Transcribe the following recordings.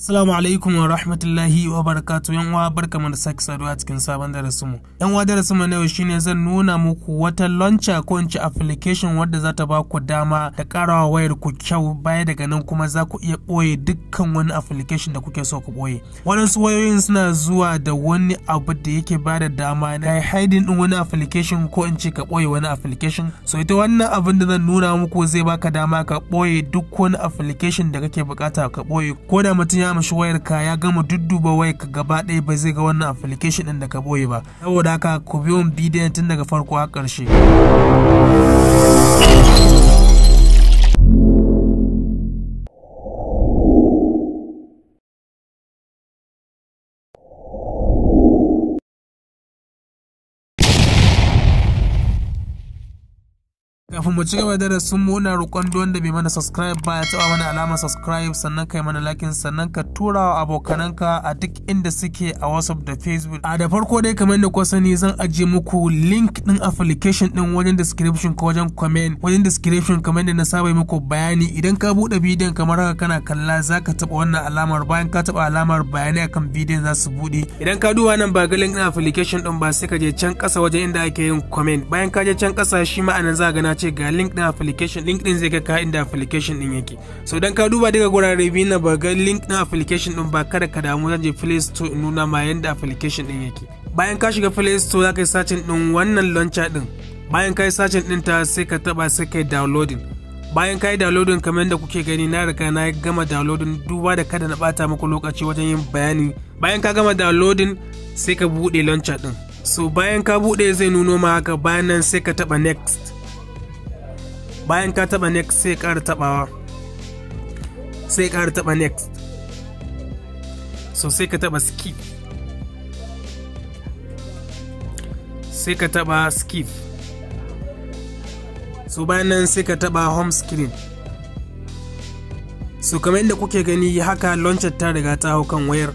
Assalamu alaikum wa rahmatullahi wa barakatu yan uwa mu da sake saduwa cikin sabon darasin mu. Yan uwa darasin mu na yau shine zan nuna muku wata launcher ko ce application wadda za ta ba ku dama da karawa wayar ku kyau baya daga nan kuma za ku iya boye dukkan wani application da kuke so ku boye. Waɗansu wayoyin suna zuwa da wani abu da yake ba da dama na hiding din wani application ko in ce ka boye wani application. So ita wannan abin da zan nuna muku zai baka dama ka boye duk wani application da kake bukata ka boye ko da mutum ya gama shi wayar ka ya gama dudduba wayar ka gaba ɗaya ba zai ga wannan application ɗin da ka boye ba saboda haka ku biyo bidiyon tun daga farko a ƙarshe kafin mu ci gaba da darasin mu na roƙon duk wanda bai mana subscribe ba ya taɓa mana alamar subscribe sannan ka yi mana lakin sannan ka tura wa abokananka a duk inda suke a WhatsApp da Facebook. A da farko dai kamar yadda ku sani zan ajiye muku link din application din wajen description ko wajen comment wajen description kamar da na saba muku bayani idan ka buɗe bidiyon kamar haka kana kalla zaka taɓa wannan alamar bayan ka taɓa alamar bayanai akan bidiyon za su buɗe. Idan ka duba nan ba ga link din application din ba sai ka je can kasa wajen inda ake yin comment bayan ka je can kasa shi ma'anan za ka gana ce ga link din application link din zai ga ka inda application din yake so dan ka duba daga gurare biyu na ba ga link din application din ba kada ka damu zan je play store in nuna ma yanda application din yake bayan ka shiga play store za ka yi searching din wannan launcher din bayan ka yi searching din ta sai ka taba sai ka yi downloading bayan ka yi downloading kamar yadda kuke gani na riga na gama downloading duba da kada na bata muku lokaci wajen yin bayani bayan ka gama downloading sai ka buɗe launcher din so bayan ka buɗe zai nuno ma haka bayan nan sai ka taɓa next bayan ka taba next sai ƙara tabawa sai ƙara taba next so sai ka taba skip sai ka taba skip so bayan nan sai ka taba home screen so kamar yadda kuke gani haka launcher ta riga ta hau kan wayar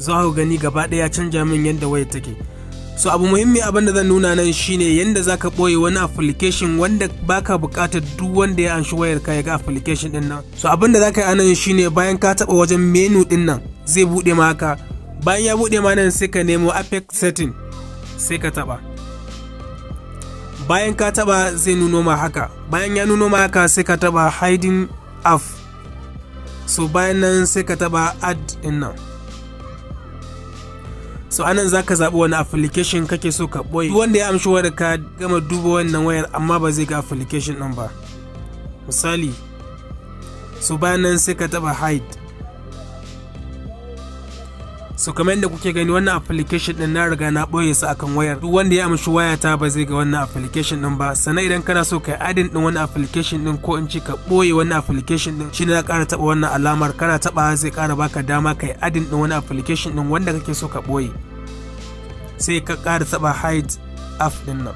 za ku gani gaba ɗaya canja min yadda wayar take so abu muhimmi abin zan nuna nan shine yadda zaka boye wani application wanda baka buƙatar duk wanda ya anshi wayar ka ya ga application din nan so abin da yi anan shine bayan ka taɓa wajen menu din nan zai bude ma bayan ya bude ma nan sai ka nemo apex setting sai ka taɓa bayan ka taɓa zai nuno ma haka bayan ya nuno ma haka sai ka taɓa hiding app so bayan nan sai ka taɓa add din nan so anan zaka zaɓi wani application kake so ka ɓoye wanda ya amshi wayar ka gama duba wannan wayar amma ba zai ga application ɗin ba misali so bayan nan sai ka taɓa hide so kamar yadda kuke gani wannan application din na riga na boye su akan wayar duk wanda ya amshi ta ba zai ga wannan application din ba sannan idan kana so kai adin din wannan application din ko in ce ka ɓoye wannan application din shine za ka ƙara taɓa wannan alamar kana taɓa zai ƙara baka dama kai adin din wannan application din wanda kake so ka boye sai ka ƙara taɓa hide app din nan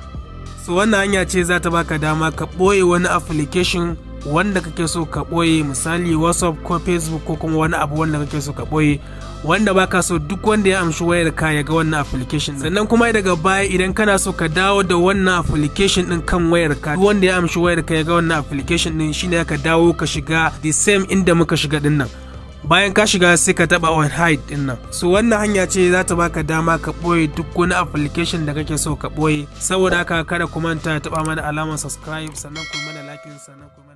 so wannan hanya ce za ta baka dama ka boye wani application wanda kake so ka ɓoye misali whatsapp ko facebook ko kuma wani abu wanda kake so ka ɓoye wanda baka so duk wanda ya amshi wayar ka ya ga wannan application sannan kuma daga baya idan kana so ka dawo da wannan application din kan wayar ka duk wanda ya amshi wayar ka ya ga wannan application din shine ka dawo ka shiga the same inda muka shiga din nan bayan ka shiga sai ka taba on hide din nan so wannan hanya ce za ta baka dama ka ɓoye duk wani application da kake so ka ɓoye saboda haka kada ku manta taba mana alamar subscribe sannan ku mana like sannan ku